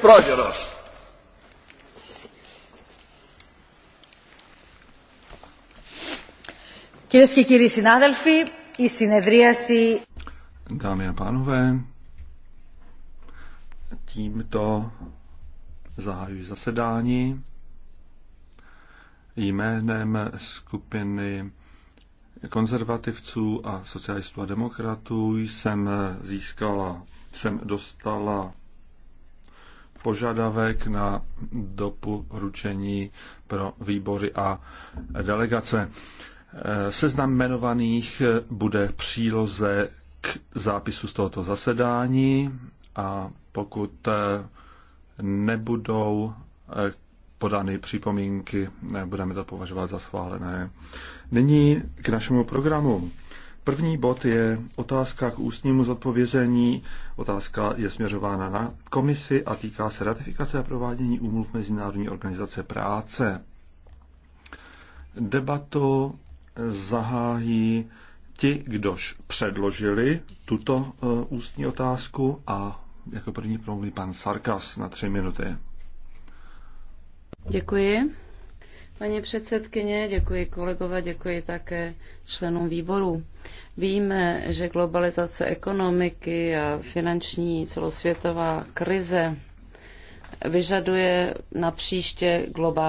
πρόεδρος. Κυρίες και κύριοι συνάδελφοι, η συνεδρίαση... Dámy a pánové, tímto zahajuji zasedání jménem skupiny konzervativců a socialistů a demokratů jsem získala, jsem dostala požadavek na doporučení pro výbory a delegace. E, seznam jmenovaných bude příloze k zápisu z tohoto zasedání a pokud e, nebudou e, podány připomínky, budeme to považovat za schválené. Nyní k našemu programu. První bod je otázka k ústnímu zodpovězení. Otázka je směřována na komisi a týká se ratifikace a provádění úmluv Mezinárodní organizace práce. Debatu zahájí ti, kdož předložili tuto eh, ústní otázku a jako první promluví pan Sarkas na tři minuty. Děkuji. Paní předsedkyně, děkuji kolegové, děkuji také členům výboru. Víme, že globalizace ekonomiky a finanční celosvětová krize vyžaduje na příště globální